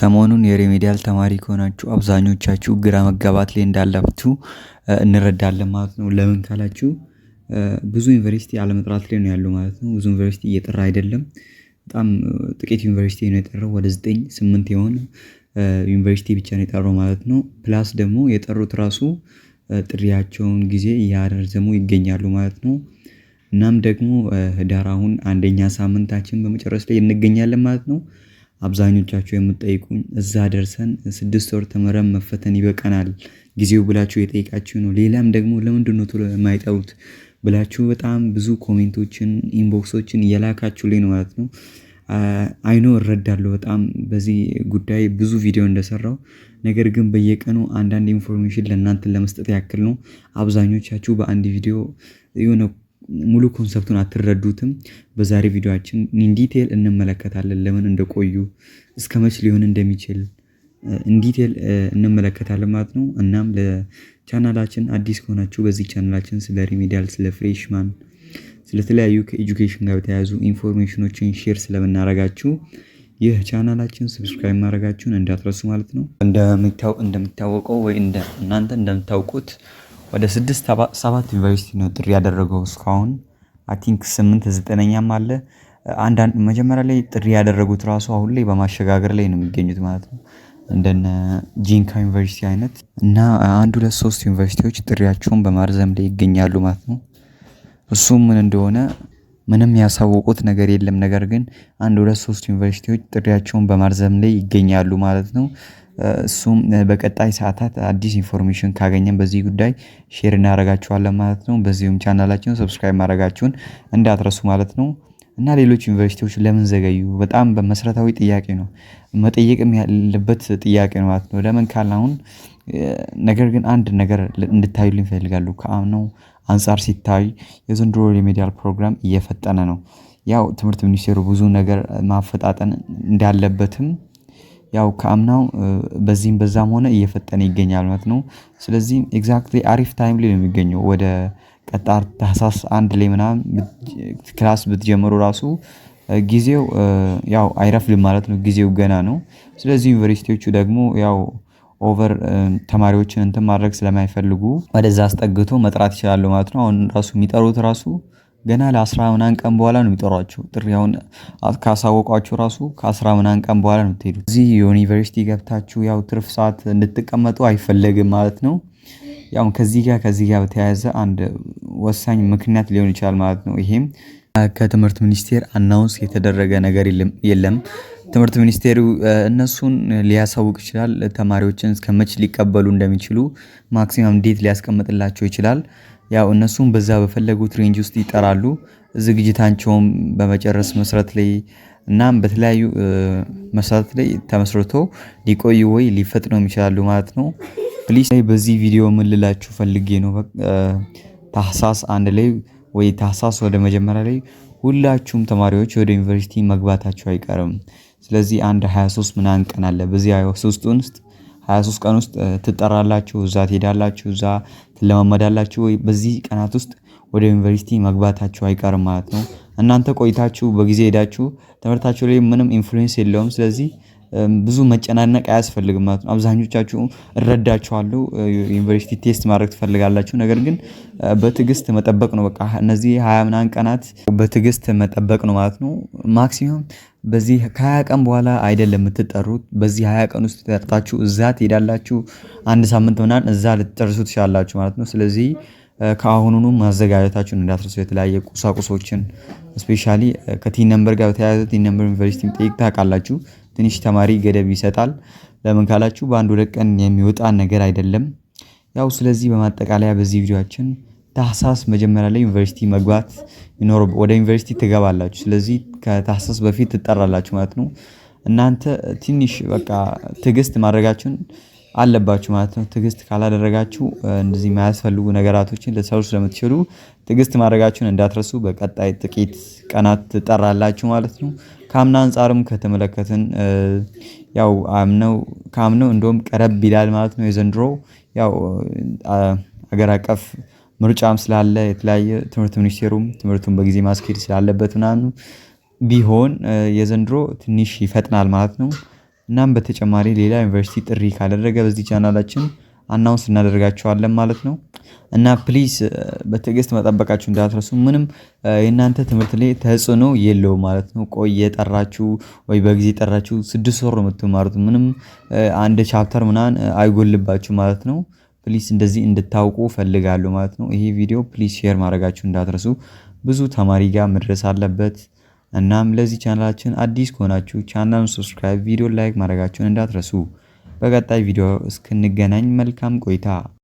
ሰሞኑን የሬሜዲያል ተማሪ ከሆናችሁ አብዛኞቻችሁ ግራ መጋባት ላይ እንዳላችሁ እንረዳለን ማለት ነው። ለምን ካላችሁ ብዙ ዩኒቨርሲቲ አለመጥራት ላይ ነው ያሉ ማለት ነው። ብዙ ዩኒቨርሲቲ እየጠራ አይደለም። በጣም ጥቂት ዩኒቨርሲቲ ነው የጠራው ወደ ዘጠኝ ስምንት የሆነ ዩኒቨርሲቲ ብቻ ነው የጠራው ማለት ነው። ፕላስ ደግሞ የጠሩት ራሱ ጥሪያቸውን ጊዜ እያረዘሙ ይገኛሉ ማለት ነው። እናም ደግሞ ህዳር አሁን አንደኛ ሳምንታችን በመጨረስ ላይ እንገኛለን ማለት ነው። አብዛኞቻቸው የምጠይቁኝ እዛ ደርሰን ስድስት ወር ተምረን መፈተን ይበቀናል። ጊዜው ብላችሁ የጠይቃችሁ ነው። ሌላም ደግሞ ለምንድ ቶሎ የማይጠሩት ብላችሁ በጣም ብዙ ኮሜንቶችን ኢንቦክሶችን ላይ ነው ማለት ነው። አይኖ እረዳለሁ በጣም በዚህ ጉዳይ ብዙ ቪዲዮ እንደሰራው ነገር ግን በየቀኑ አንዳንድ ኢንፎርሜሽን ለእናንተን ለመስጠት ያክል ነው። አብዛኞቻችሁ በአንድ ቪዲዮ የሆነ ሙሉ ኮንሰፕቱን አትረዱትም። በዛሬ ቪዲዮችን ኢንዲቴል እንመለከታለን። ለምን እንደቆዩ እስከ መች ሊሆን እንደሚችል ኢንዲቴል እንመለከታለን ማለት ነው። እናም ለቻናላችን አዲስ ከሆናችሁ በዚህ ቻናላችን ስለ ሪሜዲያል፣ ስለ ፍሬሽማን፣ ስለተለያዩ ከኤጁኬሽን ጋር በተያያዙ ኢንፎርሜሽኖችን ሼር ስለምናረጋችሁ ይህ ቻናላችን ሰብስክራይብ ማድረጋችሁን እንዳትረሱ ማለት ነው። እንደሚታወቀው ወይ እናንተ እንደምታውቁት ወደ ስድስት ሰባት ዩኒቨርሲቲ ነው ጥሪ ያደረገው እስካሁን አይ ቲንክ ስምንት ዘጠነኛም አለ። አንዳንድ መጀመሪያ ላይ ጥሪ ያደረጉት ራሱ አሁን ላይ በማሸጋገር ላይ ነው የሚገኙት ማለት ነው። እንደነ ጂንካ ዩኒቨርሲቲ አይነት እና አንድ ሁለት ሶስት ዩኒቨርሲቲዎች ጥሪያቸውን በማርዘም ላይ ይገኛሉ ማለት ነው። እሱም ምን እንደሆነ ምንም ያሳወቁት ነገር የለም። ነገር ግን አንድ ሁለት ሶስት ዩኒቨርሲቲዎች ጥሪያቸውን በማርዘም ላይ ይገኛሉ ማለት ነው። እሱም በቀጣይ ሰዓታት አዲስ ኢንፎርሜሽን ካገኘን በዚህ ጉዳይ ሼር እናደርጋችኋለን ማለት ነው። በዚሁም ቻናላችን ሰብስክራይብ ማድረጋችሁን እንዳትረሱ ማለት ነው። እና ሌሎች ዩኒቨርሲቲዎች ለምን ዘገዩ? በጣም በመሰረታዊ ጥያቄ ነው፣ መጠየቅም ያለበት ጥያቄ ነው ማለት ነው። ለምን ካል አሁን ነገር ግን አንድ ነገር እንድታዩ ልንፈልጋሉ። ከአምነው አንጻር ሲታይ የዘንድሮ ሪሜዲያል ፕሮግራም እየፈጠነ ነው። ያው ትምህርት ሚኒስቴሩ ብዙ ነገር ማፈጣጠን እንዳለበትም ያው ከአምናው በዚህም በዛም ሆነ እየፈጠነ ይገኛል ማለት ነው። ስለዚህ ኤግዛክትሊ አሪፍ ታይም ላይ ነው የሚገኘው ወደ ቀጣር ታህሳስ አንድ ላይ ምናምን ክላስ ብትጀምሩ ራሱ ጊዜው ያው አይረፍድም ማለት ነው። ጊዜው ገና ነው። ስለዚህ ዩኒቨርሲቲዎቹ ደግሞ ያው ኦቨር ተማሪዎችን እንትን ማድረግ ስለማይፈልጉ ወደዛ አስጠግቶ መጥራት ይችላሉ ማለት ነው። አሁን ራሱ የሚጠሩት ራሱ ገና ለአስራ ምናምን ቀን በኋላ ነው የሚጠሯቸው። ጥሪውን ካሳወቋችሁ ራሱ ከአስራ ምናምን ቀን በኋላ ነው የምትሄዱት። እዚህ የዩኒቨርሲቲ ገብታችሁ ያው ትርፍ ሰዓት እንድትቀመጡ አይፈለግም ማለት ነው። ያው ከዚህ ጋር ከዚህ ጋር በተያያዘ አንድ ወሳኝ ምክንያት ሊሆን ይችላል ማለት ነው። ይሄም ከትምህርት ሚኒስቴር አናውንስ የተደረገ ነገር የለም። ትምህርት ሚኒስቴሩ እነሱን ሊያሳውቅ ይችላል፣ ተማሪዎችን እስከመች ሊቀበሉ እንደሚችሉ ማክሲማም ዴት ሊያስቀምጥላቸው ይችላል። ያው እነሱም በዛ በፈለጉት ሬንጅ ውስጥ ይጠራሉ። ዝግጅታቸውም በመጨረስ መስረት ላይ እናም በተለያዩ መሰረት ላይ ተመስርቶ ሊቆዩ ወይ ሊፈጥኑም ይችላሉ ማለት ነው። ፕሊስ በዚህ ቪዲዮ ምን ፈልጌ ነው፣ ታህሳስ አንድ ላይ ወይ ታህሳስ ወደ መጀመሪያ ላይ ሁላችሁም ተማሪዎች ወደ ዩኒቨርሲቲ መግባታቸው አይቀርም። ስለዚህ አንድ 23 ምናምን ቀን አለ። በዚህ 23 ውስጥ ሃያ ሶስት ቀን ውስጥ ትጠራላችሁ እዛ ትሄዳላችሁ እዛ ትለማመዳላችሁ ወይ በዚህ ቀናት ውስጥ ወደ ዩኒቨርሲቲ መግባታችሁ አይቀርም ማለት ነው። እናንተ ቆይታችሁ በጊዜ ሄዳችሁ ትምህርታችሁ ላይ ምንም ኢንፍሉዌንስ የለውም። ስለዚህ ብዙ መጨናነቅ አያስፈልግም ማለት ነው። አብዛኞቻችሁ እረዳችኋለሁ ዩኒቨርሲቲ ቴስት ማድረግ ትፈልጋላችሁ ነገር ግን በትዕግስት መጠበቅ ነው። በቃ እነዚህ ሀያ ምናምን ቀናት በትዕግስት መጠበቅ ነው ማለት ነው። ማክሲመም በዚህ ከሀያ ቀን በኋላ አይደለም የምትጠሩት። በዚህ ሀያ ቀን ውስጥ ተጠርታችሁ እዛ ትሄዳላችሁ። አንድ ሳምንት ምናምን እዛ ልትጨርሱ ትችላላችሁ ማለት ነው። ስለዚህ ከአሁኑኑ ማዘጋጀታችሁን እንዳትረሱ። የተለያየ ቁሳቁሶችን ስፔሻሊ ከቲን ነምበር ጋር በተያያዘ ቲን ነምበር ዩኒቨርሲቲ ጠይቅ ታውቃላችሁ። ትንሽ ተማሪ ገደብ ይሰጣል። ለምን ካላችሁ በአንድ ሁለት ቀን የሚወጣ ነገር አይደለም። ያው ስለዚህ በማጠቃለያ በዚህ ቪዲዮችን ታህሳስ መጀመሪያ ላይ ዩኒቨርሲቲ መግባት ይኖር ወደ ዩኒቨርሲቲ ትገባላችሁ። ስለዚህ ከታህሳስ በፊት ትጠራላችሁ ማለት ነው። እናንተ ትንሽ በቃ ትዕግስት ማድረጋችሁን አለባችሁ ማለት ነው። ትግስት ካላደረጋችሁ እንደዚህ የማያስፈልጉ ነገራቶችን ልትሰሩ ስለምትችሉ ትግስት ማድረጋችሁን እንዳትረሱ። በቀጣይ ጥቂት ቀናት ትጠራላችሁ ማለት ነው። ከአምና አንጻርም ከተመለከትን ያው አምነው ከአምነው እንደውም ቀረብ ይላል ማለት ነው። የዘንድሮ ያው አገር አቀፍ ምርጫም ስላለ የተለያየ ትምህርት ሚኒስቴሩም ትምህርቱን በጊዜ ማስኬድ ስላለበት ምናምኑ ቢሆን የዘንድሮ ትንሽ ይፈጥናል ማለት ነው። እናም በተጨማሪ ሌላ ዩኒቨርሲቲ ጥሪ ካደረገ በዚህ ቻናላችን አናውንስ እናደርጋቸዋለን ማለት ነው። እና ፕሊዝ uh, በትዕግስት መጠበቃችሁ እንዳትረሱ። ምንም uh, የእናንተ ትምህርት ላይ ተጽዕኖ የለው ማለት ነው። ቆየ ጠራችሁ ወይ በጊዜ ጠራችሁ ስድስት ወር የምትማሩት ምንም uh, አንድ ቻፕተር ምናን አይጎልባችሁ ማለት ነው። ፕሊስ እንደዚህ እንድታውቁ ፈልጋሉ ማለት ነው። ይሄ ቪዲዮ ፕሊስ ሼር ማድረጋችሁ እንዳትረሱ። ብዙ ተማሪ ጋር መድረስ አለበት። እናም ለዚህ ቻናላችን አዲስ ከሆናችሁ ቻናሉን ሰብስክራይብ፣ ቪዲዮ ላይክ ማድረጋችሁን እንዳትረሱ። በቀጣይ ቪዲዮ እስክንገናኝ መልካም ቆይታ